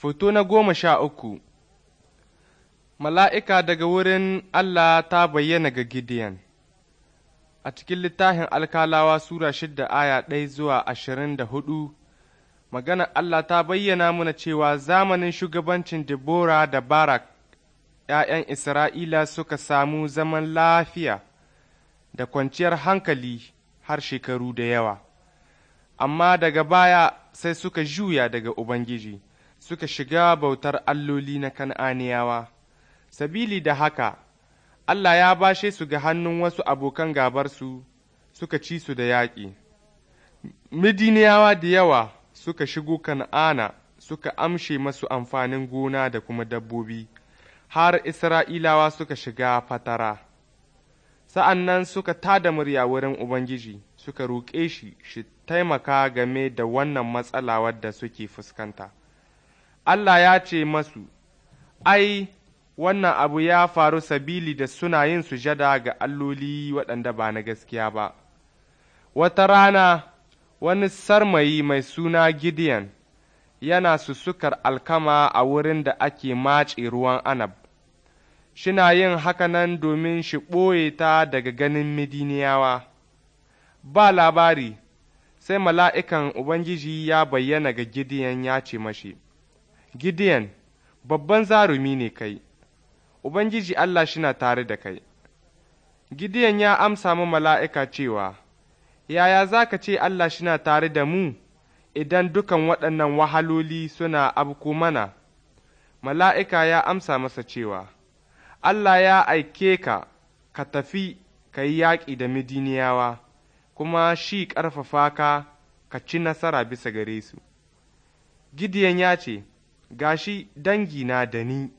Foto na goma sha uku Mala'ika daga wurin Allah ta bayyana ga Gideon A cikin littafin alkalawa Sura shidda aya ɗaya zuwa ashirin da hudu, maganar Allah ta bayyana muna cewa zamanin shugabancin Debora da Barak ’ya'yan Isra'ila suka samu zaman lafiya da kwanciyar hankali har shekaru da yawa, amma daga baya sai suka juya daga Ubangiji. suka shiga bautar alloli na Kan'aniyawa, sabili da haka Allah ya bashe su ga hannun wasu abokan gabarsu suka ci su da yaƙi. Midiniyawa da yawa suka shigo Kan'ana suka amshe masu amfanin gona da kuma dabbobi, har Isra'ilawa suka shiga fatara. Sa'an nan suka tada murya wurin Ubangiji, suka roƙe shi shi taimaka game da wannan matsala wadda suke fuskanta. Allah ya ce masu, Ai, wannan abu ya faru sabili da suna yin sujada ga alloli waɗanda ba na gaskiya ba. Wata rana, wani sarmayi mai suna Gideon yana susukar alkama a wurin da ake mace ruwan anab, shina yin haka nan domin shi ɓoye ta daga ganin Midiniyawa. Ba labari, sai mala'ikan Ubangiji ya bayyana ga Gideon ya ce mashi. Gideon, babban zarumi ne kai, Ubangiji Allah shina tare da kai. Gideon ya amsa ma mala'ika cewa, Yaya za ka ce Allah shina tare da mu idan dukan waɗannan wahaloli suna abku mana? Mala'ika ya amsa masa cewa, Allah ya aike ka, ka tafi ka yi yaƙi da Midiniyawa, kuma shi ƙarfafa ka, ka ci nasara bisa gare su. Gideon ya ce, gashi dangina da ni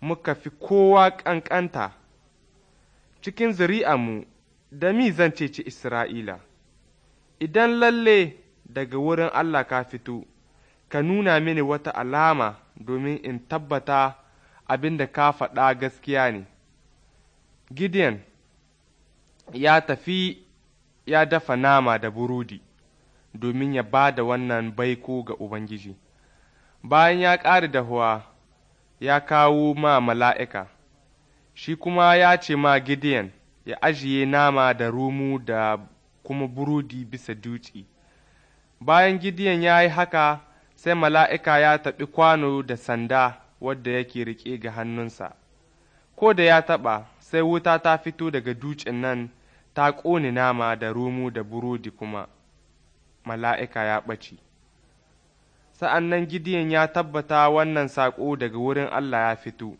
muka fi kowa ƙanƙanta, cikin zuri'amu da mi zan ceci Isra'ila, idan lalle daga wurin Allah ka fito, ka nuna mini wata alama domin in tabbata abin da ka faɗa gaskiya ne. Gideon ya tafi ya dafa nama da burudi domin ya ba da wannan baiko ga Ubangiji. bayan ya ƙara dahuwa ya kawo ma mala'ika, shi kuma ya ce ma Gideon ya ajiye nama da rumu da kuma burodi bisa dutse. Bayan Gideon ya yi haka, sai mala'ika ya taɓi kwano da sanda wadda yake riƙe ga hannunsa, ko da ya taɓa sai wuta ta fito daga dutsen nan ta ƙone nama da rumu da burodi kuma, mala'ika ya ɓace. sa'an nan Gideon ya tabbata wannan saƙo daga wurin Allah ya fito.